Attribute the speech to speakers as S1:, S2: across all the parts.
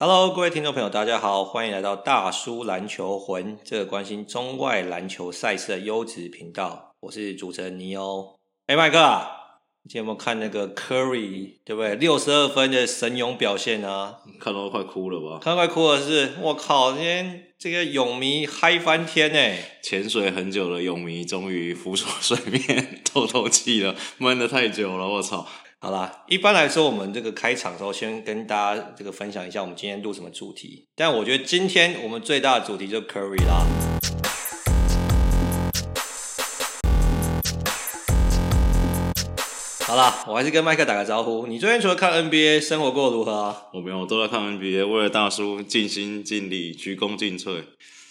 S1: Hello，各位聽眾朋友，大家好，歡迎來到大叔籃球魂這個關心中外籃球賽事的優質頻道，我是主持人尼歐。誒麥克，今天有沒有看那個 Curry，對不對？六十二分的神勇表現啊，看到都快哭了吧？看到快哭的是？我靠，今天這個勇迷嗨翻天哎、欸！
S2: 潛水很久的勇迷終於浮出水面透透氣了，悶得太
S1: 久了，我操！好啦，一般來說，我們這個開場的時候，先跟大家這個分享一下我們今天錄什麼主題。但我覺得今天我們最大的主題就 Curry 啦。好啦，我還是跟麥克打個招呼。你最近除了看 NBA 生活過得如何？我沒有，我都在看 NBA，
S2: 為了大叔盡心盡力，鞠躬盡瘁。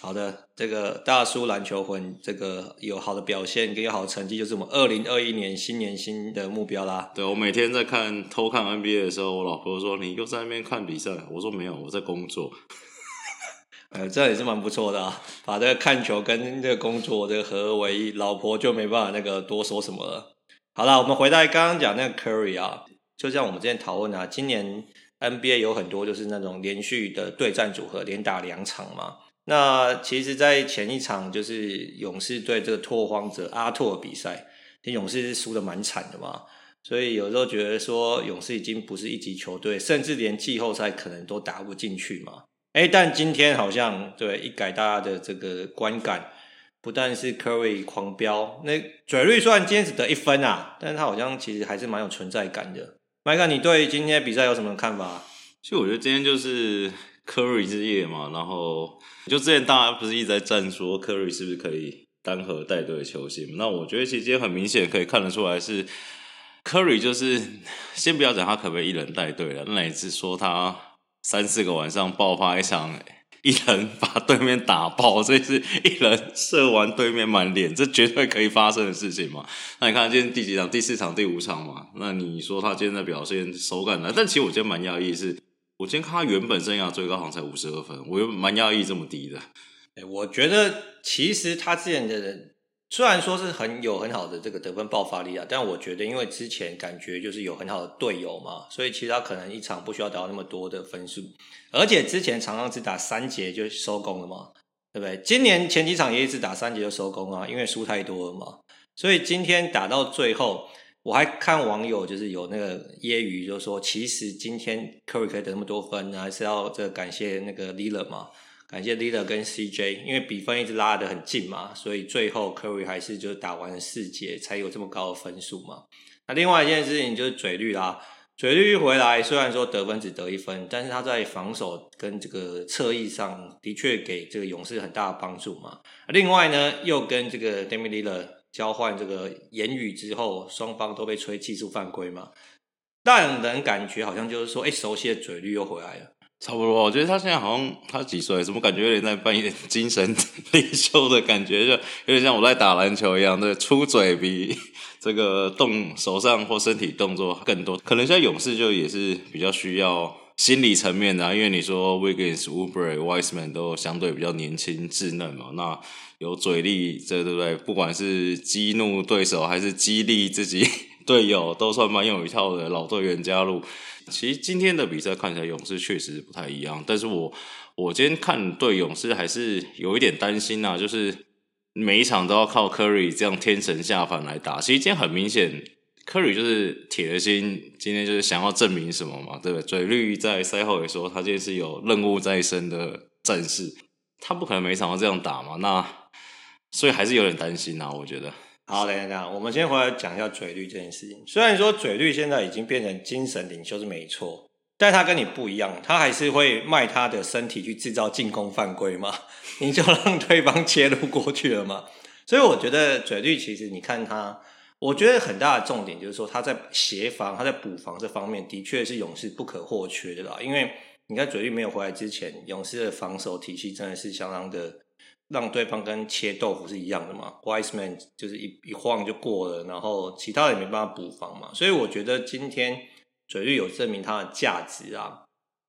S1: 好的，這個大叔籃球魂，這個有好的表現跟有好的成績，就是我們二零二一年新年新的目標啦。
S2: 對我每天在看偷看 NBA 的時候，我老婆說你又在那邊看比賽，我說沒有，我在工作。
S1: 哎、 嗯，這樣也是蠻不錯的啊，把這個看球跟這個工作這個合為一，老婆就沒辦法那個多說什麼了。好啦，我們回到剛剛講那個 Curry 啊，就像我們之前討論啊，今年 NBA 有很多就是那種連續的對戰組合，連打兩場嘛。那其實，在前一場就是勇士對這個拓荒者阿拓的比賽，勇士是輸得蠻慘的嘛。所以有時候覺得說，勇士已經不是一級球隊，甚至連季後賽可能都打不進去嘛。哎、欸，但今天好像對一改大家的這個觀感，不但是 Curry 狂飆，那嘴綠雖然今天只得一分啊，但是他好像其實還是蠻有存在感的。麥克，你對今天比賽有什麼看法？其實我覺得今天就是。
S2: Curry 之夜嘛，然後就之前大家不是一直在戰說 Curry 是不是可以單核帶隊的球星？那我覺得其實今天很明顯可以看得出來是 Curry，就是先不要講他可不可以一人帶隊了，那也是說他三四個晚上爆發一場，欸，一人把對面打爆，所以是一人射完對面滿臉，這絕對可以發生的事情嘛？那你看今天第幾場？第四場，第五場嘛？那你說他今天的表現手感呢？但其實我覺得蠻訝異的是。我今天看他原本
S1: 生涯最高好像才五十二分，我又蠻訝異這麼低的。哎，我覺得其實他之前的人雖然說是很有很好的這個得分爆發力啊，但我覺得因為之前感覺就是有很好的隊友嘛，所以其實他可能一場不需要打到那麼多的分數，而且之前常常只打三節就收工了嘛，對不對？今年前幾場也一直打三節就收工啊，因為輸太多了嘛，所以今天打到最後。我還看網友就是有那個揶揄就說，其實今天 Curry 可以得那麼多分，還是要這感謝那個 Lillard 嘛，感謝 Lillard 跟 CJ，因為比分一直拉得很近嘛，所以最後 Curry 還是就打完了四節才有這麼高的分數嘛。那另外一件事情就是嘴綠啦，嘴綠回來雖然說得分只得一分，但是他在防守跟這個側翼上的確給這個勇士很大的幫助嘛。另外呢，又跟這個 Dame Lillard 交換這個言語之後，雙方都被吹技術犯規嘛，但人感覺好像就是說，哎、欸，熟悉的嘴綠又回來了，差不
S2: 多。我覺得他現在好像他幾歲？怎麼感覺有點在扮演精神領袖的感覺？就有點像我在打籃球一樣，對，出嘴比這個動手上或身體動作更多。可能現在勇士就也是比較需要心理層面的、啊，因為你說 Wiggins Oubre、Wiseman 都相對比較年輕稚嫩嘛，那。有嘴力，這對不對？不管是激怒對手，還是激勵自己隊友，都算蠻有一套的。老隊員加入，其實今天的比賽看起來勇士確實不太一樣。但是我我今天看對勇士還是有一點擔心吶、啊，就是每一場都要靠 Curry 這樣天神下凡來打。其實今天很明顯，Curry 就是鐵了心，今天就是想要證明什麼嘛，對不對？嘴綠在賽後也說，他今天是有任務在身的戰士，他不可能每場都這樣打嘛。那所以還是有點擔心吶、啊，我覺得。
S1: 好，等一下等一下，我們先回來講一下嘴綠這件事情。雖然說嘴綠現在已經變成精神領袖是沒錯，但他跟你不一樣，他還是會賣他的身體去制造進攻犯規嘛，你就讓對方切入過去了嘛。所以我覺得嘴綠其實，你看他，我覺得很大的重點就是說他在協防、他在補防這方面的確是勇士不可或缺的啦。因為你看嘴綠沒有回來之前，勇士的防守體系真的是相當的。讓對方跟切豆腐是一樣的嘛，Wiseman 就是一一晃，就過了，然後其他也沒辦法補防嘛，所以我覺得今天嘴綠有證明他的價值啊。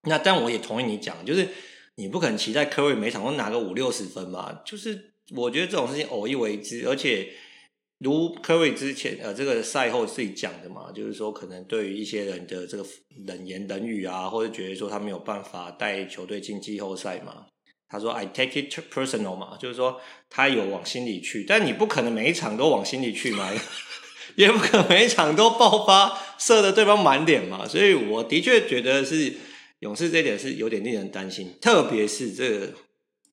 S1: 那但我也同意你講，就是你不可能期待 Curry 每場都拿個五六十分嘛，就是我覺得這種事情偶一為之，而且如 Curry 之前呃這個賽後自己講的嘛，就是說可能對於一些人的這個冷言冷語啊，或者覺得說他沒有辦法帶球隊進季後賽嘛。他說 "I take it personal" 嘛，就是說他有往心裡去，但你不可能每一場都往心裡去嘛，也不可能每一場都爆發射得對方滿臉嘛，所以我的確覺得是勇士這點是有點令人擔心，特別是這個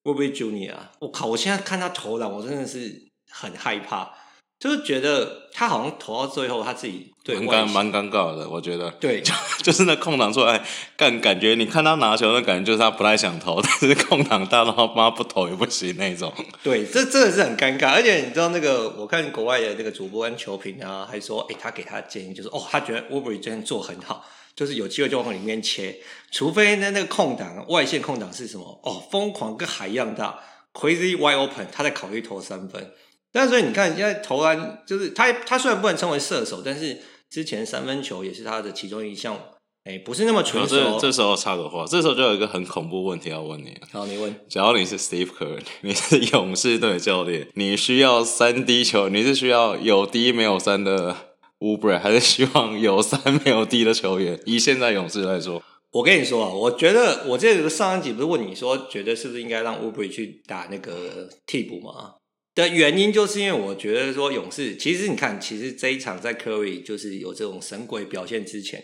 S1: Oubre Jr. 啊，我靠，我現在看他投籃，我真的是很害怕。就是覺得他好像投到最後他自己對，蠻尷蠻
S2: 尷尬的。我覺得對，就 就是那空檔出來，感感覺你看他拿球那感覺，就是他不太想投，但是空檔大的話，媽不投也不行那
S1: 種。 對，這真的是很尷尬。而且你知道那個，我看國外的那個主播跟球評啊，還說，哎、欸，他給他的建議就是，哦，他覺得烏布瑞今天做很好，就是有機會就往裡面切，除非那那個空檔外線空檔是什麼？哦，瘋狂跟海一樣大，crazy wide open，他在考慮投三分。但是，所以你看，因為投籃就是他，他雖然不能稱為射手，但是之前三分球也是他的其中一項。誒、欸、不是那麼純粹、嗯、這
S2: 時候插個話，這時候就有一個很恐怖問題要問你。好，你問。假如你是 Steve Kerr，你是勇士隊教練，你需要三 D 球，你是需要有 D 沒有三的 Oubre 還是希望
S1: 有三沒有 D 的球員？以現在勇士來說，我跟你說，啊，我覺得我這個上一集不是問你說，覺得是不是應該讓 Oubre 去打那個替補嗎？的原因就是因為我覺得說勇士其實你看，其實這一場在 Curry 就是有這種神鬼表現之前，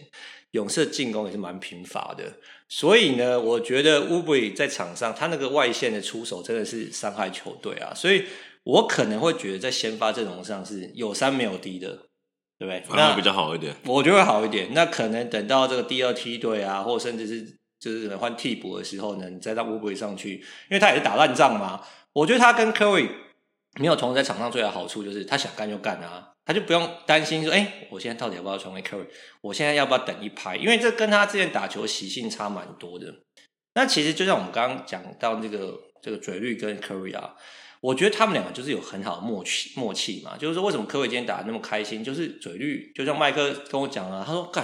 S1: 勇士進攻也是蠻貧乏的，所以呢，我覺得 Oubre 在場上他那個外線的出手真的是傷害球隊啊，所以我可能會覺得在先發陣容上是有三沒有低的，對不對？那會比較好一點，我覺得會好一點。那可能等到這個第二梯隊啊，或甚至是就是換替補的時候呢，你再到 Oubre 上去，因為他也是打爛仗嘛，我覺得他跟 Curry。沒有同時在場上，最大的好處就是他想幹就幹啊，他就不用擔心說，哎，我現在到底要不要傳給 Curry？我現在要不要等一拍？因為這跟他之前打球習性差蠻多的。那其實就像我們剛剛講到那個，這個這個嘴綠跟 Curry 啊，我覺得他們兩個就是有很好的默契默契嘛。就是說，為什麼 Curry 今天打得那麼開心？就是嘴綠就像麥克跟我講啊，他說幹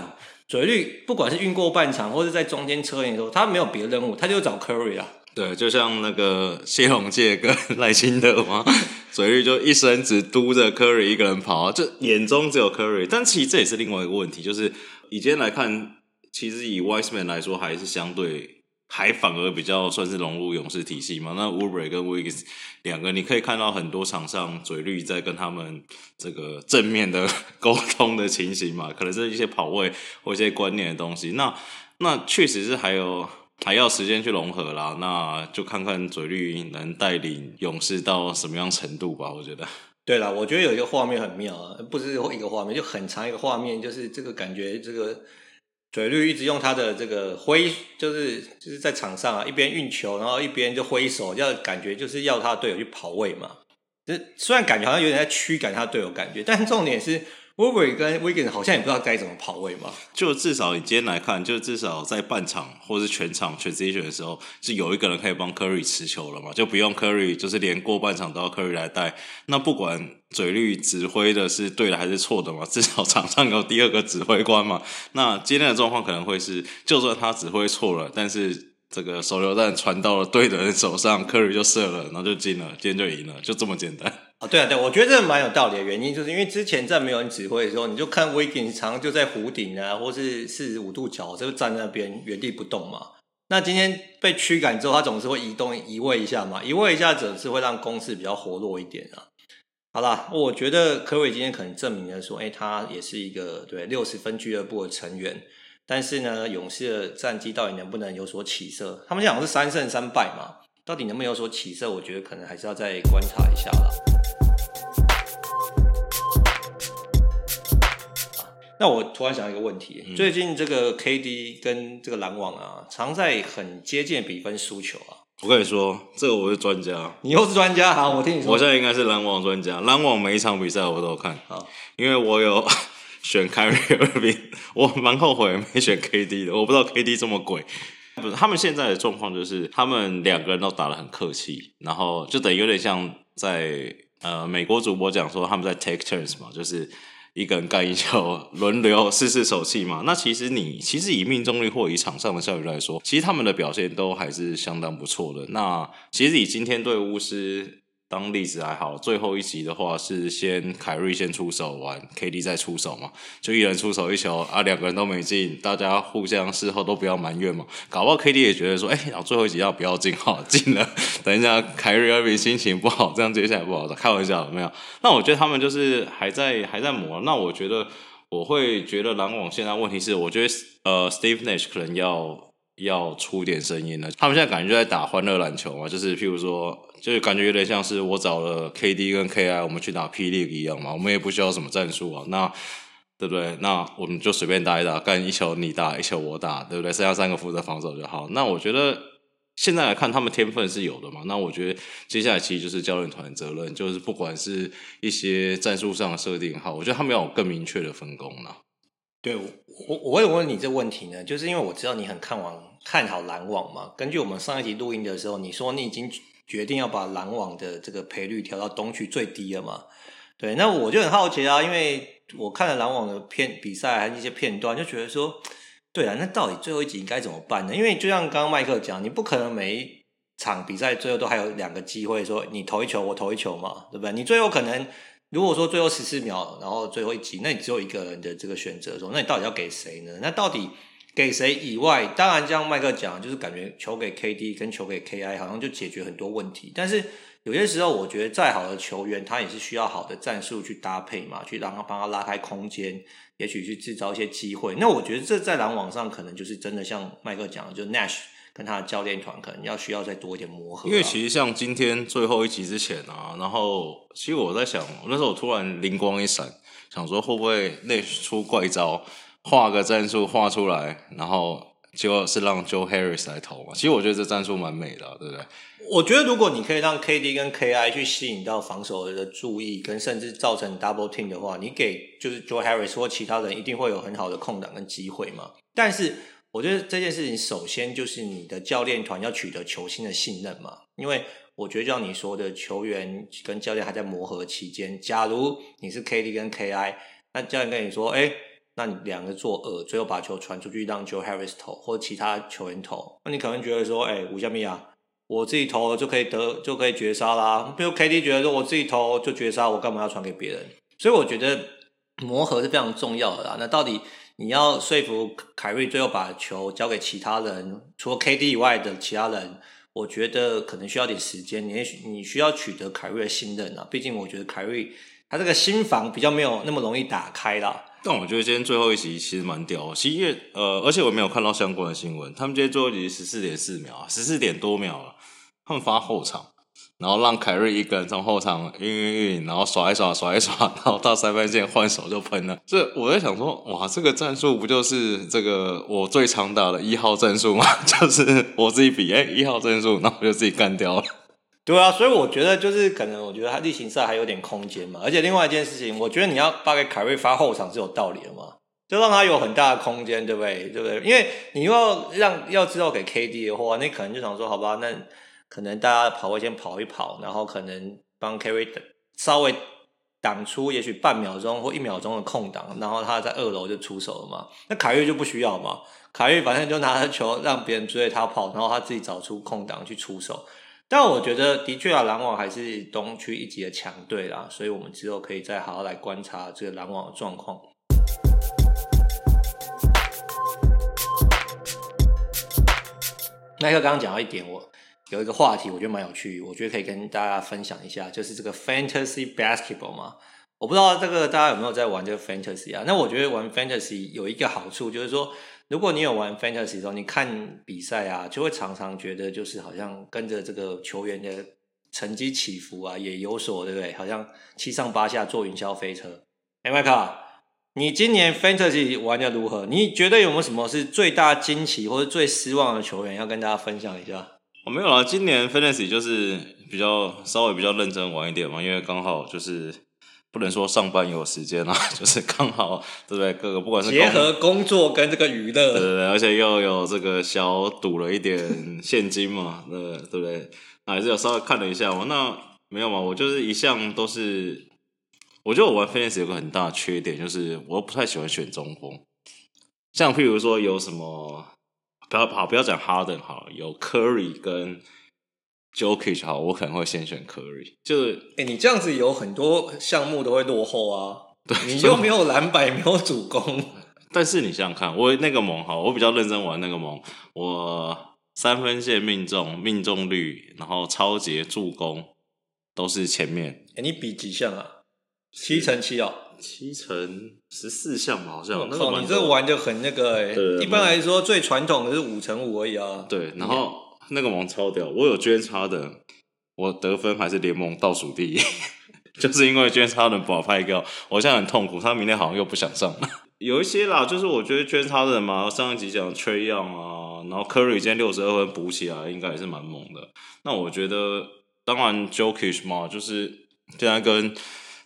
S1: 嘴綠，不管是運過半場或是，在中間策應的時候，他沒有別的任務，他就找 Curry 啊。
S2: 對，就像那個謝龍介跟賴清德嘛，嘴綠就一生只督着科瑞一個人跑啊，就眼中只有科瑞。但其實這也是另外一個問題，就是以今天來看，其實以 Wiseman 來說，還是相對還反而比較算是融入勇士體系嘛。那 Oubre 跟 Wiggs 兩個，你可以看到很多場上嘴綠在跟他們這個正面的溝通的情形嘛，可能是一些跑位或一些觀念的東西。那那確實是還有。還要時間去融合啦，那就看看嘴綠能帶領勇士到什麼樣程度
S1: 吧，我覺得。對啦，我覺得有一個畫面很妙啊，不是一個畫面，就很長一個畫面，就是這個感覺，這個嘴綠一直用他的這個揮，就是就是在場上啊，一邊運球，然後一邊就揮手，要感覺就是要他隊友去跑位嘛，就雖然感覺好像有點在驅趕他隊友感覺，但是重點是。威威跟威根好像也不知道該怎麼跑位嘛。就至少你
S2: 今天來看，就至少在半場或者是全場 transition 的時候，是有一個人可以幫 Curry 持球了嘛？就不用 Curry 就是連過半場都要 Curry 來帶。那不管嘴綠指揮的是對的還是錯的嘛，至少場上有第二個指揮官嘛。那今天的狀況可能會是，就算他指揮錯了，但是。這個手榴彈傳到了對的人手上，科瑞就射了，然後就進了，今天就贏了，就這麼簡單。
S1: 啊、哦、對啊，對，我覺得這個蠻有道理的原因，就是因為之前在沒有人指揮的時候，你就看 Wiggins 常常就在弧頂啊，或是四十五度角，就站在那邊原地不動嘛。那今天被驅趕之後，他總是會移動移位一下嘛，移位一下總是會讓攻勢比較活絡一點啊。好啦，我覺得科瑞今天可能證明了說，誒、哎、他也是一個對六十分俱樂部的成員。但是呢，勇士的戰績到底能不能有所起色？他們講是三勝三敗嘛，到底能不能有所起色？我覺得可能還是要再觀察一下了。嗯、那我突然想一個問題：最近這個 KD 跟這個籃網啊，常在很接近比分輸球啊。
S2: 我跟你說，這個我是專家，你
S1: 又是專家，好，我聽你說。我現在應
S2: 該是籃網專家，籃網每一場比賽我都有看好，因為我有。 選 Kyrie Irving，我蠻後悔沒選 KD 的。我不知道 KD 這麼貴，不是他們現在的狀況就是他們兩個人都打得很客氣，然後就等於有點像在呃美國主播講說他們在 take turns 嘛，就是一個人幹一球，輪流試試手氣嘛。那其實你其實以命中率或以場上的效率來說，其實他們的表現都還是相當不錯的。那其實以今天對巫師。當例子還好，最後一集，的話是先凱瑞先出手完，KD 再出手嘛，就一人出手一球啊，兩個人都沒進，大家互相事後都不要埋怨嘛，搞不好 KD 也覺得說，哎、欸，然後最後一集要不要進？好進了，等一下凱瑞那邊心情不好，這樣接下來不好，開玩笑有沒有？那我覺得他們就是還在還在磨，那我覺得我會覺得籃網現在問題是，我覺得呃 Steve Nash 可能要要出點聲音了，他們現在感覺就在打歡樂籃球嘛，就是譬如說。就是感覺有點像是我找了 KD 跟 KI，我們去打 P.League 一樣嘛，我們也不需要什麼戰術啊，那對不對？那我們就隨便打一打，幹一球你打，一球我打，對不對？剩下三個負責防守就好。那我覺得現在來看，他們天分是有的嘛。那我覺得接下來其實就是教練團的責任，就是不管是一些戰術上的設定，好，我覺得他們要有更明確的分工了
S1: 啊。對我，我有問你這問題呢，就是因為我知道你很看網看好籃網嘛。根據我們上一集錄音的時候，你說你已經。決定要把籃網的這個賠率調到東區最低了嘛？對，那我就很好奇啊，因為我看了籃網的片比賽，還有一些片段，就覺得說，對啊，那到底最後一擊應該怎麼辦呢？因為就像剛剛麥克講，你不可能每一場比賽最後都還有兩個機會，說你投一球，我投一球嘛，對不對？你最後可能如果說最後十四秒，然後最後一擊，那你只有一個人的這個選擇，說，那你到底要給誰呢？那到底？給誰以外，當然，這樣麥克講，就是感覺球給 KD 跟球給 KI 好像就解決很多問題。但是有些時候，我覺得再好的球員，他也是需要好的戰術去搭配嘛，去讓他幫他拉開空間，也許去制造一些機會。那我覺得這在籃網上可能就是真的像麥克講的，就是 Nash 跟他的教練團可能要需要再多一點磨合啊。因為
S2: 其實像今天最後一集之前啊，然後其實我在想，那時候我突然靈光一閃，想說會不會 Nash 出怪招。畫個戰術畫出來，然後就是讓 Joe Harris 來投嘛。其實我覺得這戰術蠻美的啊，
S1: 對不對？我覺得如果你可以讓 KD 跟 KI 去吸引到防守人的注意，跟甚至造成 double team 的話，你給就是 Joe Harris 或其他人一定會有很好的空檔跟機會嘛。但是我覺得這件事情首先就是你的教練團要取得球星的信任嘛，因為我覺得像你說的，球員跟教練還在磨合期間，假如你是 KD 跟 KI，那教練跟你說，哎、欸。那你兩個做二，最後把球傳出去讓 Joe Harris 投，或者其他球員投。那你可能覺得說，哎、欸，吳夏米啊，我自己投了就可以得，就可以絕殺啦。比如 KD 覺得說，我自己投就絕殺，我幹嘛要傳給別人？所以我覺得磨合是非常重要的啦。那到底你要說服凱瑞最後把球交給其他人，除了 KD 以外的其他人，我覺得可能需要點時間。你需你需要取得凱瑞的信任啊。畢竟我覺得凱瑞他這個心防比較沒有那麼容易打開啦。但我覺得今天最後一集
S2: 其實蠻屌，11月呃，而且我沒有看到相關的新聞。他們今天最後一集十四點四秒啊，十四點多秒了。他們發後場，然後讓凱瑞一個人從後場運運運，然後耍一耍，耍耍一耍，然後到三分線換手就噴了。所以我在想說，哇，這個戰術不就是這個我最常打的一號戰術嗎？就是我自己比，哎，一號戰術，然後我就自己幹掉了。
S1: 對啊，所以我覺得就是可能，我覺得他例行賽還有點空間嘛。而且另外一件事情，我覺得你要發給凱瑞發後場是有道理的嘛，就讓他有很大的空間，對不對？對不對？因為你又要讓要知道給 KD 的話，你可能就想說，好吧，那可能大家跑位先跑一跑，然後可能幫凱瑞稍微擋出也許半秒鐘或一秒鐘的空檔，然後他在二樓就出手了嘛。那凱瑞就不需要嘛，凱瑞反正就拿着球讓別人追著他跑，然後他自己找出空檔去出手。但我覺得的確啊，籃網還是東區一級的強隊啦，所以我們之後可以再好好來觀察這個籃網的狀況。 那個剛剛講到一點，我有一個話題，我覺得蠻有趣，我覺得可以跟大家分享一下，就是這個 fantasy basketball 嘛。我不知道這個大家有沒有在玩這個 fantasy 啊？那我覺得玩 fantasy 有一個好處，就是說。如果你有玩 fantasy 的時候，你看比賽啊，就會常常覺得就是好像跟着這個球員的成績起伏啊，也有所，對不對？好像七上八下，坐雲霄飛車。欸，麥克，你今年 fantasy 玩的如何？你覺得有沒有什麼是最大驚奇或者最失望的球員要跟大家分享一下？
S2: 我、哦、沒有啦，今年 fantasy 就是比較稍微比較認真玩一點嘛，因為剛好就是。不能說上班有時間啊，就是剛好對不對？各個不管是結合
S1: 工作跟這個娛樂，對，對,
S2: 對而且又有這個小賭了一點現金嘛， 對不對，對？還是有稍微看了一下，我那沒有嘛，我就是一向都是，我覺得我玩 Fans 有個很大的缺點，就是我不太喜歡選中鋒，像譬如說有什麼不要跑，不要講哈登好，好了有 Curry 跟。就 Jokic 好，我可能會先選 Curry，就
S1: 是，誒、欸、你這樣子有很多項目都會落後啊，對你又沒有籃板， 沒有主攻。
S2: 但是你想想看，我那個盟，哈，我比較認真玩那個盟，我三分線命中、命中率，然後抄截助攻都是前面。
S1: 誒、欸、你比幾項啊？七乘七哦，七乘十四項吧，好像有那個。哦、多你這玩就很那個誒、欸、對一般來說最傳統的是五乘五而已啊。對，然後。
S2: 那個王超屌，我有捐叉的，我得分還是聯盟倒數第一， 就是因為捐叉的不好拍掉，我現在很痛苦，他明天好像又不想上了。有一些啦，就是我覺得捐叉的人嘛，上一集講吹羊啊，然後 Curry 今天六十二分補起來，應該也是蠻猛的。那我覺得，當然 Jokic 嘛，就是現在跟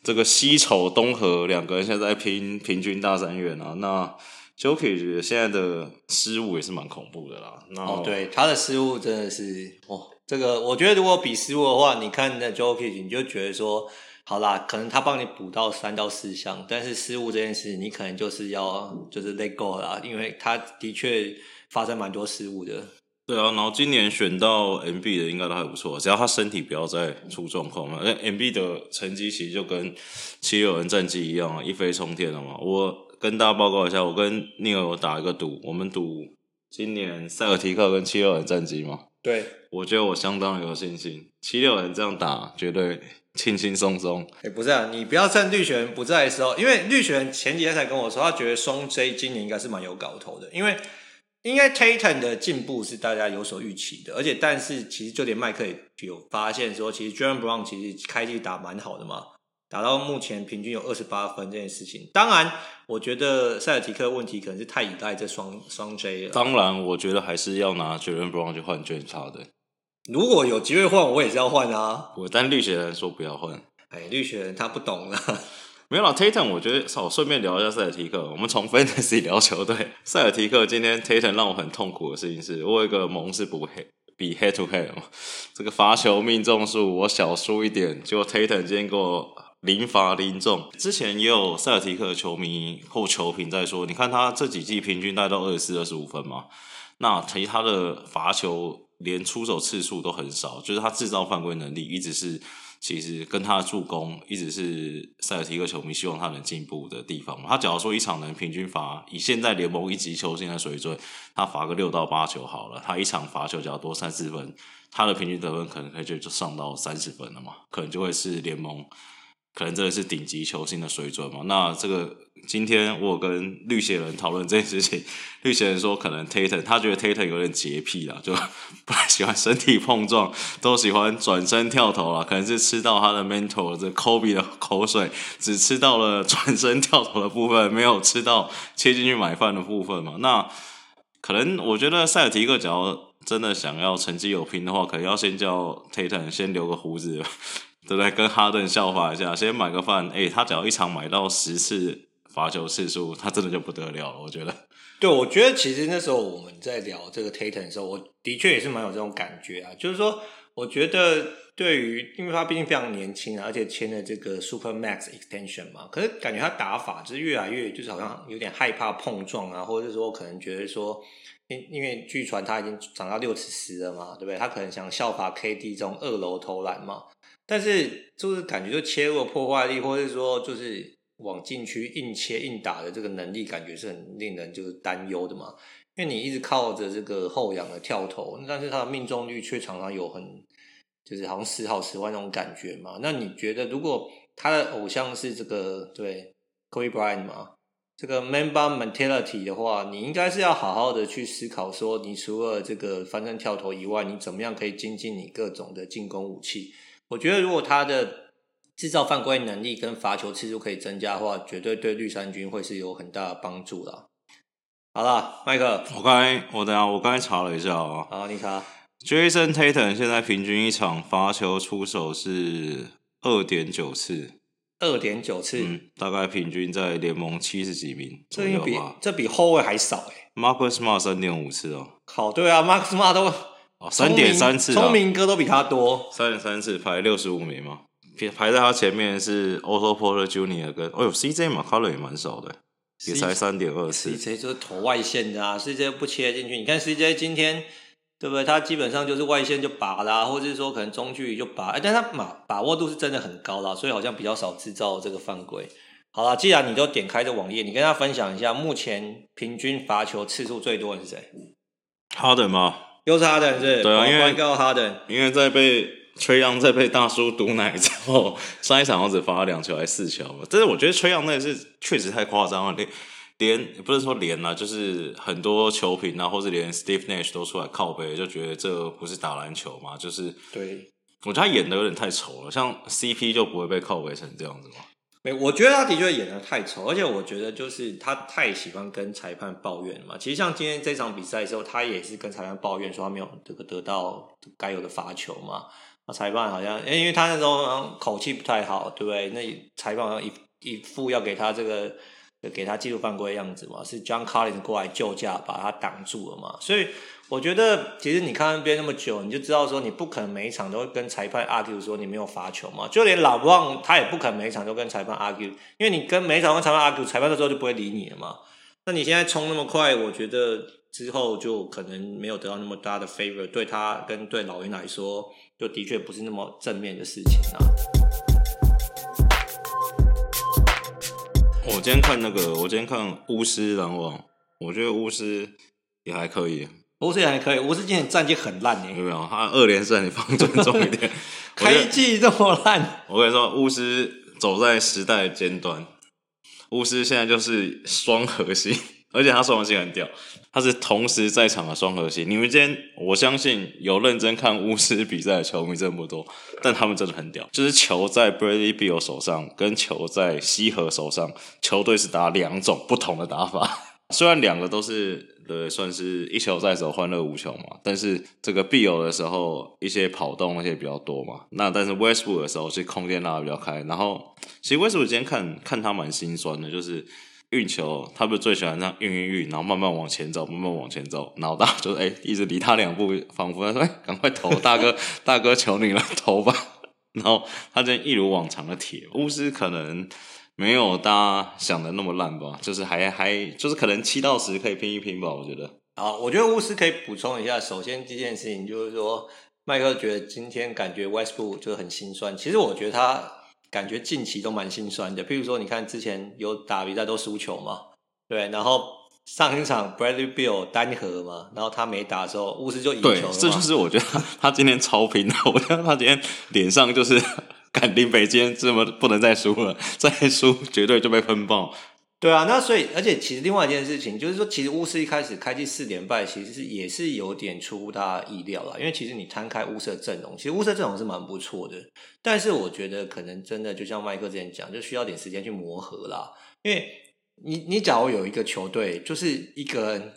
S2: 這個西丑東和兩個人現在，在平平均大三元啊，那。Jokic 現在的失誤也是蠻恐怖的啦。那哦，對，他
S1: 的失誤真的是，哦，這個我覺得如果比失誤的話，你看那 Jokic 你就覺得說，好啦，可能他幫你補到三到四項，但是失誤這件事，你可能就是要就是 let go 啦，因為他的確發生蠻多失誤的。
S2: 對啊，然後今年選到 MB 的應該都還不錯，只要他身體不要再出狀況嘛。那 MB 的成績其實就跟七六人戰績一樣啊，一飛沖天了嘛。我。跟大家報告一下，我跟寧兒有打一個賭，我們賭今年塞爾提克跟七六人戰績嘛。對，我覺得我相當有信心，七六人這樣打絕對輕輕鬆鬆。
S1: 誒、欸、不是啊，你不要趁綠旋不在的時候，因為綠旋前幾天才跟我說，他覺得雙 J 今年應該是蠻有搞頭的，因為應該 Tatum 的進步是大家有所預期的，而且但是其實就連麥克也有發現說，其實 Jaylen Brown 其實開季打蠻好的嘛。打到目前平均有二十八分這件事情，當然，我覺得賽爾提克的問題可能是太依賴這雙雙 J 了。當
S2: 然，我覺得還是要拿傑倫、er、Brown 去換卷差的。
S1: 如果有機會換，我也是要換啊。
S2: 我但綠巨人說不要換。哎、欸，綠巨人他不懂了。沒有啦，啦 Tatum 我覺得少順便聊一下賽爾提克。我們從 Fantasy 聊球隊。賽爾 提克今天 Tatum 讓我很痛苦的事情是，我有一個盟是不黑，比 head to head，這個罰球命中數我小輸一點，結果 Tatum 今天給我。零罰零中，之前也有塞爾提克球迷或球評在說，你看他這幾季平均帶到二十四、二十五分嘛？那其他的罰球連出手次數都很少，就是他制造犯規能力一直是，其實跟他的助攻一直是塞爾提克球迷希望他能進步的地方嘛。他假如說一場能平均罰以現在聯盟一級球星的水準，他罰個六到八球好了，他一場罰球只要多三四分，他的平均得分可能可以就上到三十分了嘛，可能就會是聯盟。可能這的是頂級球星的水準嘛？那這個今天我跟綠鞋人討論這件事情，綠鞋人說可能 t a t o n 他覺得 t a t o n 有點潔癖啦，就不太喜歡身體碰撞，都喜歡轉身跳投啊。可能是吃到他的 m e n t o r 這 Kobe 的口水，只吃到了轉身跳投的部分，沒有吃到切進去買飯的部分嘛？那可能我覺得塞爾提克只要真的想要成績有拼的話，可能要先叫 t a t o n 先留個鬍子。對，跟哈登效法一下，先買個犯。哎、欸，他只要一場買到十次罰球次數，他真的就不得了了。我
S1: 覺得，對，我覺得其實那時候我們在聊這個 Tatum 的時候，我的確也是蠻有這種感覺啊。就是說，我覺得對於，因為他畢竟非常年輕啊，而且簽了這個 Super Max Extension 嘛，可是感覺他打法就是越來越，就是好像有點害怕碰撞啊，或者說可能覺得說，因為因為據傳他已經長到六尺十了嘛，對不對？他可能想效法 KD 這種二樓投籃嘛。但是就是感覺就切入了破壞力，或者說就是往禁區硬切硬打的這個能力，感覺是很令人就是擔憂的嘛。因為你一直靠着這個後仰的跳投，但是他的命中率卻常常有很就是好像時好時壞那種感覺嘛。那你覺得如果他的偶像是這個對 Kobe Bryant 嘛，這個 Mamba Mentality 的話，你應該是要好好的去思考說，你除了這個翻身跳投以外，你怎麼樣可以精進你各種的進攻武器？我覺得，如果他的制造犯規能力跟罰球次數可以增加的話，絕對對綠衫軍會是有很大的幫助的。
S2: 好了，麥克，我剛才我等下我剛才查了一下啊，好，你查，Jason Tatum 現在平均一場罰球出手是二點九次，
S1: 二點九次、嗯，
S2: 大概平均在聯盟七十幾名左右這應該比這比後衛還少哎 Marcus Smart 三點五次哦，
S1: 好，對啊 Marcus Smart 都。三點三次、啊，聰明
S2: 哥都比他多。三點三次排六十五名嘛，排在他前面是
S1: Otto Porter Junior 的跟哦、哎、呦，CJ 嘛，McCollum 也蠻少的，C, 也才三點二次。CJ 就是投外線的啊，CJ 不切進去。你看 CJ 今天對不對？他基本上就是外線就拔啦，或者是說可能中距離就拔。哎、欸，但他把把握度是真的很高啦，所以好像比較少制造這個犯規。好啦，既然你都點開這網頁，你跟他分享一下，目前平均罰球次數最多的是誰？Harden 嗎？又是哈登對對啊，因為跟到哈登，
S2: 因為在被吹羊、在被大叔毒奶之後，上一場好像只罰了兩球還是四球嘛？但是我覺得吹羊那是確實太誇張了，連連不是說連啊，就是很多球評啊，或者連 Steve Nash 都出來靠北，就覺得這不是打籃球嘛，就是對，我覺得他演的有點太醜了，像 CP 就不會被靠北成這樣子嘛
S1: 沒，我覺得他的確演得太醜，而且我覺得就是他太喜歡跟裁判抱怨了嘛。其實像今天這場比賽的時候，他也是跟裁判抱怨說他沒有這個得到該有的罰球嘛。那裁判好像，欸，因為他那時候口氣不太好，對不對？那裁判好像一一副要給他這個給他記錄犯規的樣子嘛，是 John Collins 過來救駕把他擋住了嘛，所以。我覺得其實你看 NBA 那，那麼久，你就知道說你不可能每一場都會跟裁判 argue 的時候，你沒有罰球嘛。就連老王他也不可能每一場都跟裁判 argue，因為你跟每一場都跟裁判 argue，裁判的時候就不會理你了嘛。那你現在衝那麼快，我覺得之後就可能沒有得到那麼大的 favor，對他跟對老鷹來說，就的確不是那麼正面的事情啊。
S2: 我今天看那個，我今天看巫師狼王，我覺得巫師也還可以。
S1: 巫師也還可以，巫師今天戰績很爛耶。有沒有？
S2: 他二連勝，你放尊重一
S1: 點。 跟開季
S2: 這麼爛，我跟你說，巫師走在時代的尖端。巫師現在就是雙核心，而且他雙核心很屌，他是同時在場的雙核心，你們今天我相信有認真看巫師比賽的球迷並不多，但他們真的很屌。就是球在 Bradley Beal 手上，跟球在西河手上，球隊是打兩種不同的打法。雖然兩個都是。呃，算是一球在手，歡樂無窮嘛。但是這個必有的時候，一些跑動那些比較多嘛。那但是 Westbrook 的時候是空間拉得比較開。然後，其實 Westbrook 今天看看他蠻心酸的，就是運球，他不是最喜歡這樣運運運，然後慢慢往前走，慢慢往前走。然後大家就誒、哎、一直離他兩步，仿佛他說哎，趕快投，大哥 大哥求你了，投吧。然後他這一如往常的鐵，巫師可能。沒有大家想的那麼爛吧，就是還還就是可能七到十可以拼一拼吧，我覺得。
S1: 好，我覺得巫師可以補充一下，首先這件事情就是說，麥克覺得今天感覺 Westbrook 就很心酸。其實我覺得他感覺近期都蠻心酸的，譬如說，你看之前有打比賽都輸球嘛，對，然後上一場 Bradley Beal 單核嘛，然後他沒打的時候，巫師就贏球了嘛。這就是
S2: 我覺得他，他今天超拼的，我覺得他今天臉上就是。肯定北京這麼不能再輸了，再輸絕對就被噴爆。
S1: 對啊，那所以而且其實另外一件事情就是說，其實巫師一開始開季四連敗，其實也是有點出乎大家意料了。因為其實你攤開巫師的陣容，其實巫師陣容是蠻不錯的。但是我覺得可能真的就像麥克之前講，就需要點時間去磨合啦，因為你你假如有一個球隊，就是一個人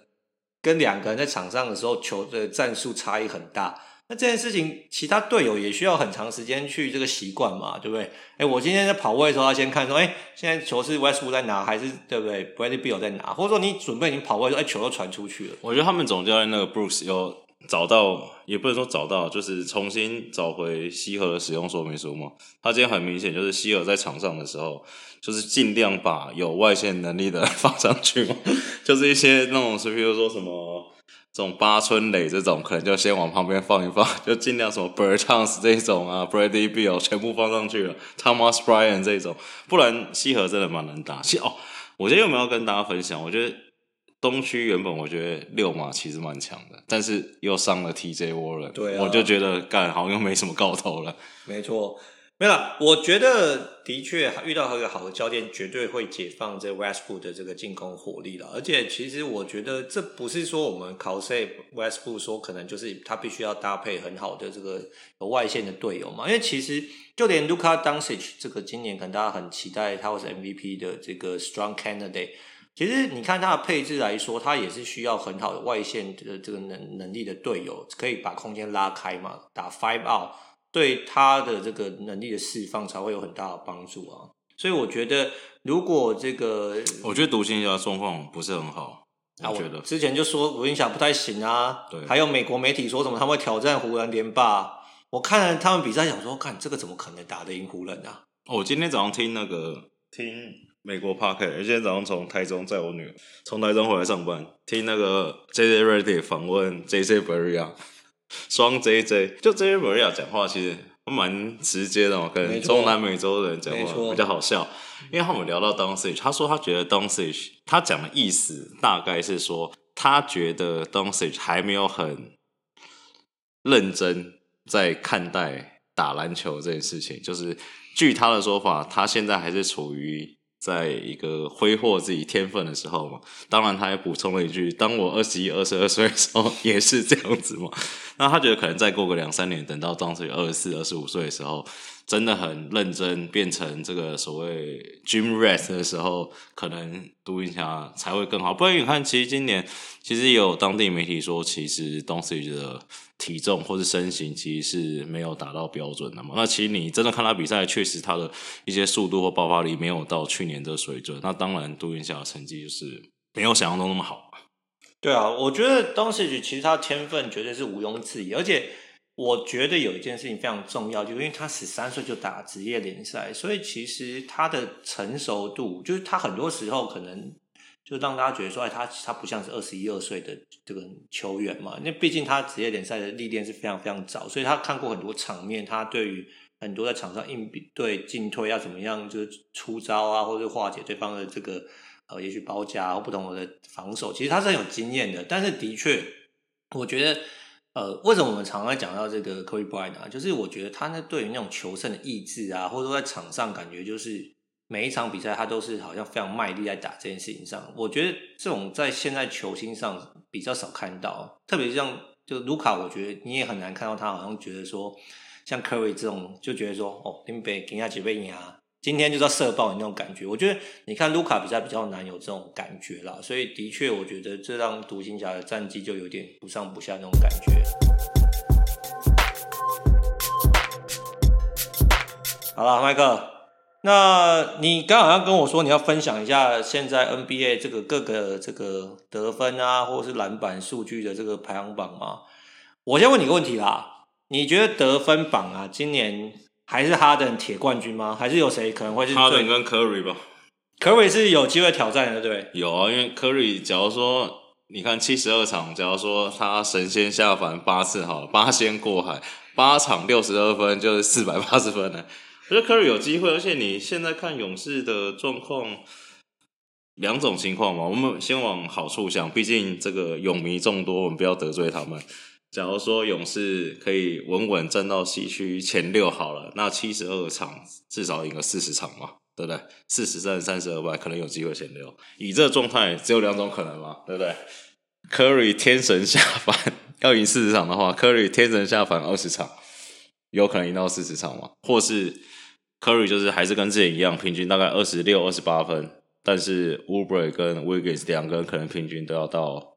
S1: 跟兩個人在場上的時候，球的戰術差異很大。那這件事情，其他隊友也需要很長時間去這個習慣嘛，對不對？哎、欸，我今天在跑位的時候，他先看說，哎、欸，現在球是 Westbrook 在拿，還是對不對？Bradley Beal 在拿，或者說你準備你跑位的時候，哎、欸，球都傳出去了。
S2: 我覺得他們總教練那個 Bruce 有找到，也不能說找到，就是重新找回西河的使用說明書嘛。他今天很明顯就是西河在場上的時候，就是盡量把有外線能力的放上去嘛， 就是一些那種，比如說什麼。這種八村壘這種，可能就先往旁邊放一放，就儘量什麼 Bertans 這種啊，Bradley Beal 全部放上去了 ，Thomas Bryan 這種，不然西河真的蠻難打。哦，我今天有沒有跟大家分享？我覺得東區原本我覺得六馬其實蠻強的，但是又傷了 TJ Warren 啊。我就覺得幹，好像又沒什麼搞頭了。
S1: 沒錯。沒了，我覺得的確遇到一個好的教練，絕對會解放這 w e s t b o o k 的這個進攻火力了。而且，其實我覺得這不是說我們 say w e s t b o o k 說，可能就是他必須要搭配很好的這個有外線的隊友嘛。因為其實就連 l u c a Doncic 這個今年可能大家很期待他會是 MVP 的這個 strong candidate，其實你看他的配置來說，他也是需要很好的外線的這個能能力的隊友，可以把空間拉開嘛，打 five out。對他的這個能力的釋放才會有很大的幫助啊！所以我覺得，如果這個，我覺得
S2: 獨行俠狀況不是很好。
S1: 那我覺得我之前就說獨行俠不太行啊。對，還有美國媒體說什麼他們會挑戰湖人連霸。我看了他們比賽，想說，看這個怎麼可能打得贏湖人呢？啊？我、哦、今天早上
S2: 聽那個聽，聽美國 podcast，今天早上從台中載我女兒從台中回來上班，聽那個 JJ Redick 訪問 JJ Barea。雙 J J 就 JJ Barea 講話其實蠻直接的嘛，跟中南美洲的人講話比較好笑，因為他們聊到 Doncic，他說他覺得 Doncic，他講的意思大概是說，他覺得 Doncic 還沒有很認真在看待打籃球這件事情，就是據他的說法，他現在還是處於。在一個揮霍自己天分的時候嘛，當然他也補充了一句：“當我二十一、二十二歲的時候也是這樣子嘛。”那他覺得可能再過個兩三年，等到當時有二十四、二十五歲的時候。真的很認真，變成這個所謂 gym rat 的時候，可能獨行俠才會更好。不然你看，其實今年其實有當地媒體說，其實東契奇的體重或是身形其實是沒有達到標準的嘛。那其實你真的看他比賽，確實他的一些速度或爆發力沒有到去年的水準。那當然，獨行俠的成績就是沒有想象中那麼好。
S1: 對啊，我覺得東契奇其實他天分絕對是毋庸置疑，而且。我覺得有一件事情非常重要，就是因為他十三歲就打職業聯賽，所以其實他的成熟度，就是他很多時候可能就讓大家覺得說，哎，他他不像是二十一二歲的這個球員嘛。那畢竟他職業聯賽的歷練是非常非常早，所以他看過很多場面，他對於很多在場上應對進退要怎麼樣，就是出招啊，或者化解對方的這個呃，也許包夾啊，或不同的防守，其實他是很有經驗的。但是的確，我覺得。呃，為什麼我們常常講到這個 Curry Bryant 啊？就是我覺得他那對於那種求勝的意志啊，或者說在場上感覺，就是每一場比賽他都是好像非常賣力在打這件事情上。我覺得這種在現在球星上比較少看到，特別像就盧卡，我覺得你也很難看到他好像覺得說像 Curry 這種就覺得說哦，你別停下嘴巴呀。今天就是社報你那種感覺，我覺得你看盧卡比賽比較難有這種感覺啦，所以的確我覺得這讓獨行俠的戰績就有點不上不下那種感覺。
S2: 嗯、
S1: 好了，麥克，那你剛好要跟我說你要分享一下現在 NBA 這個各個這個得分啊或者是籃板數據的這個排行榜嗎？我先問你個問題啦，你覺得得分榜啊今年？還是哈登鐵冠軍嗎？還是有誰可能會是？哈登
S2: 跟 Curry 吧
S1: ，Curry 是有機會挑戰的，對不對？
S2: 有啊，因為 Curry 假如說你看七十二場，假如說他神仙下凡八次好了，哈，八仙過海，八場六十二分就是四百八十分了。我覺得 Curry 有機會，而且你現在看勇士的狀況，兩種情況嘛。我們先往好處想，畢竟這個勇迷眾多，我們不要得罪他們。假如說勇士可以穩穩站到西區前六好了，那七十二場至少贏了四十場嘛，對不對？四十勝三十二敗，可能有機會前六。以這個狀態，只有兩種可能嘛，對不對？Curry 天神下凡。要贏四十場的話，Curry 天神下凡二十場，有可能贏到四十場嘛？或是 Curry 就是還是跟之前一樣，平均大概二十六、二十八分，但是 Oubre 跟 Wiggins 兩個人可能平均都要到。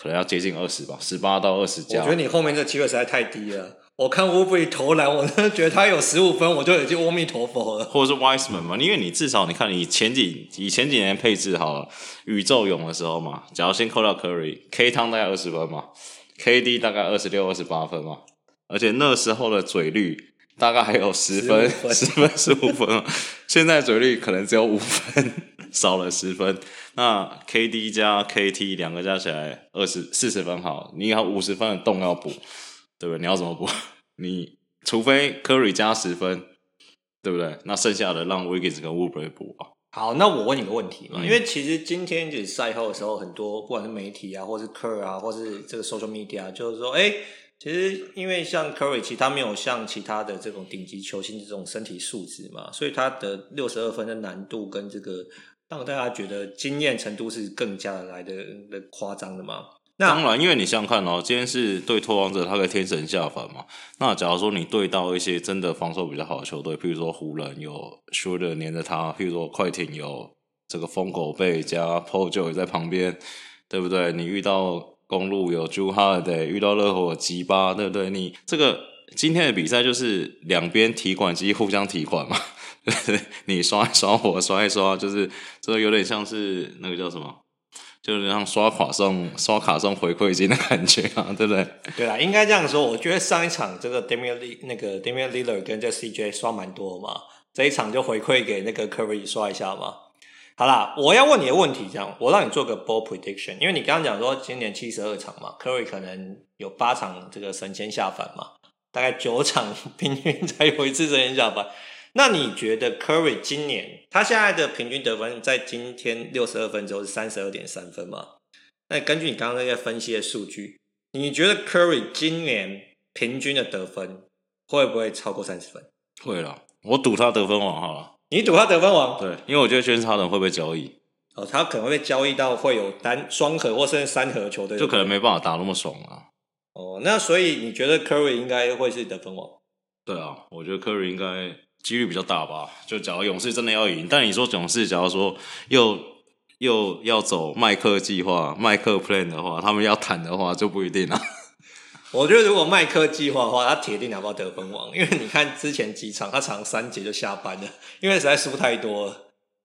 S2: 可能要接近二十吧，十八到二十加。我覺得你
S1: 後面這機會實在太低了。我看烏布里投籃，我真的覺得他有十五分，我就已經阿彌陀佛了。
S2: 或者是 Wiseman 嘛，因為你至少你看你前幾、以前幾年配置好了宇宙勇的時候嘛，只要先扣掉 Curry，K 湯大概二十分嘛，KD 大概二十六、二十八分嘛，而且那時候的嘴綠大概還有十分、十分、十五 分嗎， 現在嘴綠可能只有五分。少了十分，那 K D 加 K T 兩個加起來二十四十分，好，你要五十分的洞要補，對不對？你要怎麼補？你除非 Curry 加十分，對不對？那剩下的讓 Wiggins 跟 Oubre 補啊。
S1: 好，那我問你個問題嘛，嗯、因為其實今天就是賽後的時候，很多不管是媒體啊，或是 Curry 啊，或是這個 Social Media，就是說，哎，其實因為像 Curry，其他沒有像其他的這種頂級球星這種身體素質嘛，所以他的六十二分的難度跟這個。讓大家覺得驚艷程度是更加來的的誇張的嗎？
S2: 那當然，因為你想想看哦、喔，今天是對拓荒者，他的天神下凡嘛。那假如說你對到一些真的防守比較好的球隊，譬如說湖人有休的黏着他，譬如說快艇有這個瘋狗貝加、波九也在旁邊，對不對？你遇到公鹿有 Jrue Holiday，遇到熱火吉巴，bar, 對不對？你這個今天的比賽就是兩邊提款機互相提款嘛。 你刷一刷我，我刷一刷，就是這個有點像是那個叫什麼，就是像刷卡送刷卡送回饋金的感覺啊，對不對？
S1: 對啦、啊，應該這樣說。我覺得上一場這個 Damian Lillard 那個 Damian Lillard 跟這 CJ 刷蠻多嘛，這一場就回饋給那個 Curry 刷一下嘛。好啦，我要問你的問題，這樣我讓你做個 bold prediction，因為你剛剛講說今年七十二場嘛，Curry 可，可能有八場這個神仙下凡嘛，大概九場平均才有一次神仙下凡。那你覺得 Curry 今年他現在的平均得分在今天六十二分之後是三十二點三分嗎？那根據你剛剛那些分析的數據，你覺得 Curry 今年平均的得分會不會超過三十分？
S2: 會啦，我賭他得分王好了。
S1: 你賭他得分王？
S2: 對，因為我覺得軒超人會不會交易？
S1: 哦，他可能會被交易到會有單雙核或甚至三核球隊，就可
S2: 能沒辦法打那麼爽啊。
S1: 哦，那所以你覺得 Curry 應該會是得分王？對啊，
S2: 我覺得 Curry 應該。幾率比較大吧，就假如勇士真的要贏，但你說勇士，假如說又又要走麥克計劃、麥克 Plan 的話，他們要坦的話就不一定了啊。
S1: 我覺得如果麥克計劃的話，他鐵定拿不到得分王，因為你看之前幾場他場三節就下班了，因為實在輸太多了，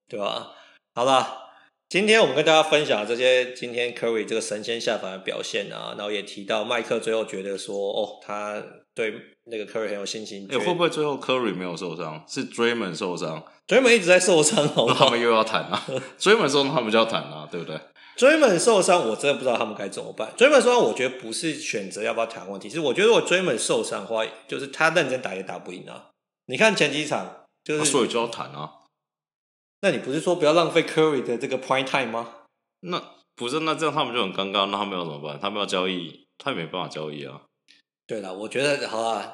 S1: 對吧啊？好了，今天我們跟大家分享這些，今天 Curry 這個神仙下凡的表現啊，然後也提到麥克最後覺得說，哦，他對。那個 Curry 很有信心，哎、欸，會不
S2: 會最後 Curry 沒有受傷，是 Draymond 受傷？Draymond 一直在受傷，好，他們又要坦啊。
S1: Draymond 受傷，他們就要坦啊，對不對？Draymond 受傷，我真的不知道他們該怎麼辦。Draymond 受傷，我覺得不是選擇要不要坦問題，是我覺得如果 Draymond 受傷的話，就是他認真打也打不贏啊。你看前幾場，就是、啊、所以就要坦啊。那你不是說不要浪費 Curry 的這個 prime time 嗎？那不是，那這樣他
S2: 們就很尷尬，那他們要怎麼辦？他們要交易，他也沒辦法交易啊。
S1: 對了，我覺得好啊，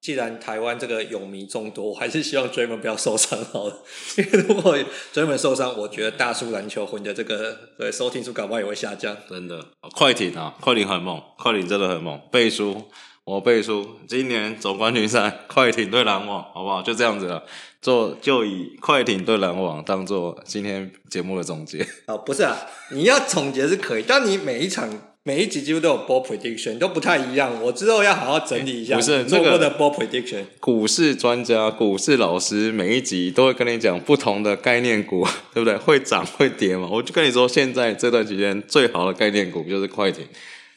S1: 既然台灣這個擁迷眾多，我還是希望追 r 不要受傷好了。因為如果追 r 受傷，我覺得大叔籃球混的這個對收聽數感怕也會下降。真的，
S2: 快艇啊，快艇很猛，快艇真的很猛。背書，我背書。今年總冠軍賽，快艇對籃網，好不好？就這樣子了。做就以快艇對籃網當做今天節目的總結。
S1: 啊，不是啊，你要總結是可以，但你每一場。每一集幾乎都有波 prediction，都不太一樣。我之後要好好整理一下，錯過、欸、不是、的波 prediction。
S2: 股市專家、股市老師，每一集都會跟你講不同的概念股，對不對？會漲會跌嘛？我就跟你說，現在這段期間最好的概念股就是快艇，嗯、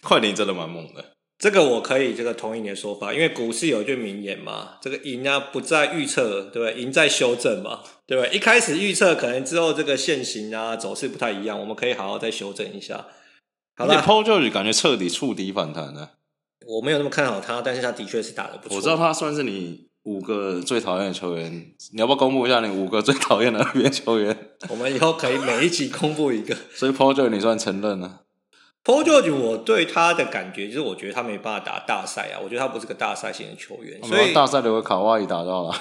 S2: 快艇真的蠻猛的。
S1: 這個我可以這個同意你的說法，因為股市有一句名言嘛，這個贏啊不在預測，對不對？贏在修正嘛，對不對？一開始預測可能之後這個線型啊走勢不太一樣，我們可以好好再修正一下。好而且 Paul
S2: George 感覺徹底觸底反彈了，
S1: 我沒有那麼看好他，但是他的確是打的
S2: 不錯。我知道他算是你五個最討厭的球員，你要不要公布一下你五個最討厭的 NBA 球員？ 我們以後可以每一集公布一個。 所以 Paul George 你算承認了、啊。
S1: Paul George 我對他的感覺就是，我覺得他沒辦法打大賽啊，我覺得他不是個大賽型的球員。所以大
S2: 賽的卡哇伊打到了，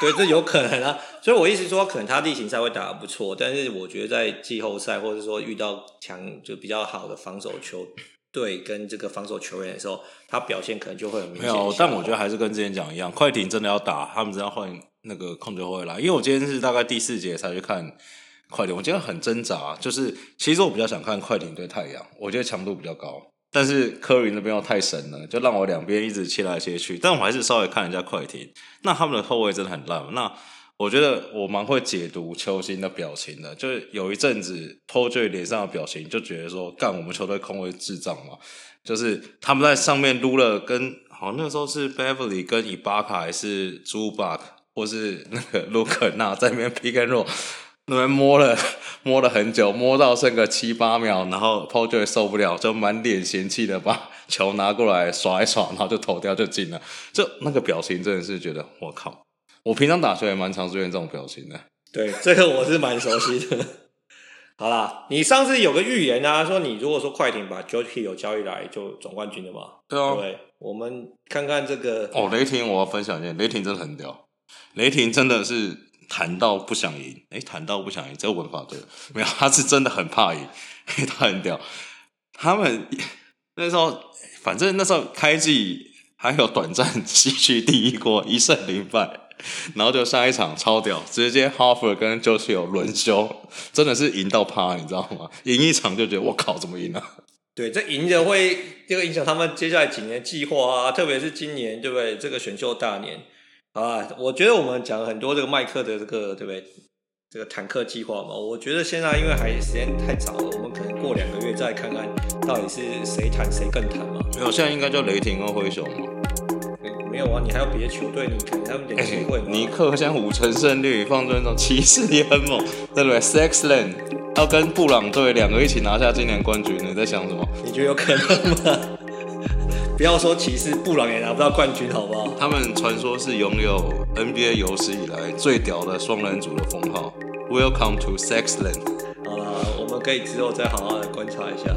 S1: 對，這有可能啊。所以我意思說，可能他例行賽會打得不錯，但是我覺得在季後賽，或者說遇到強就比較好的防守球隊跟這個防守球員的時候，他表現可能就會很明顯。沒有。我但我覺得
S2: 還是跟之前講一樣，快艇真的要打，他們只要換那個控球會來，因為我今天是大概第四節才去看。快艇，我覺得很掙扎，就是其實我比較想看快艇對太陽，我覺得強度比較高。但是 Curry 那邊又太神了，就讓我兩邊一直切來切去。但我還是稍微看了一下快艇，那他們的後衛真的很爛。那我覺得我蠻會解讀球星的表情的，就是有一陣子 Pojo 臉上的表情，就覺得說，幹我們球隊空位智障嘛，就是他們在上面擼了跟，跟好像那時候是 Beverly 跟伊巴卡還是 Zubac 或是那個盧克納在那邊皮跟肉。那邊摸了摸了很久，摸到剩個七八秒，然後泡椒受不了，就滿臉嫌棄的把球拿過來甩一甩，然後就投掉就進了。就那個表情真的是覺得我靠！我平常打球也蠻常出現這種表情的。
S1: 對，這個我是蠻熟悉的。 好啦，你上次有個預言啊，說你如果說快艇把 Jokey 有交易來就總冠軍的嘛？對,、啊、對吧，我們看看這個。哦，
S2: 雷霆，我要分享一下，雷霆真的很屌，雷霆真的是、嗯。談到不想贏，哎，談到不想贏，這個文法對，沒有，他是真的很怕贏，他很屌。他們那時候，反正那時候開季還有短暫西區第一鍋一勝零敗，嗯、然後就下一場超屌，直接 Harper 跟 Jokic 有輪休，真的是贏到趴，你知道嗎？贏一場就覺得我靠，怎麼贏啊。
S1: 對，這贏的會這個影響他們接下來幾年的計劃啊，特別是今年對不對？這個選秀大年。啊，我覺得我們講很多這個麥克的這個對不對？這個坦克計劃嘛，我覺得現在因為還時間太早了，我們可能過兩個月再看看到底是誰坦誰更坦嘛。
S2: 沒有，現在應該就雷霆跟灰熊。
S1: 沒有啊，你還有別的球隊，你可能他們也不會。
S2: 尼克像五成勝率，放在這騎士也很猛，對不對？Sexland 要跟布朗隊兩個一起拿下今年冠軍，你在想什麼？你覺得有可能嗎？不要說騎士、布朗也拿不到冠軍，好不好？他們傳說是擁有 NBA 有史以來最屌的雙人組的封號。
S1: Welcome to Sexland。好了，我們可以之後再好好的觀察一下。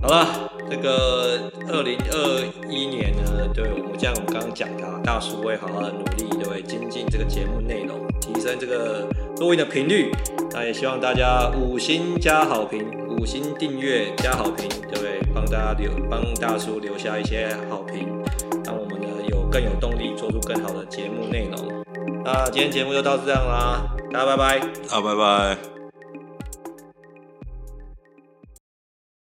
S1: 好了。這個二零二一年呢，對，我們像我們剛剛講的，大叔會好好努力，對不對？精進這個節目內容，提升這個錄音的頻率。那也希望大家五星加好評，五星訂閱加好評，對不對？幫大家留，幫大叔留下一些好評，讓我們呢有更有動力做出更好的節目內容。那今天節目就到這樣啦，大家拜拜，啊，拜拜。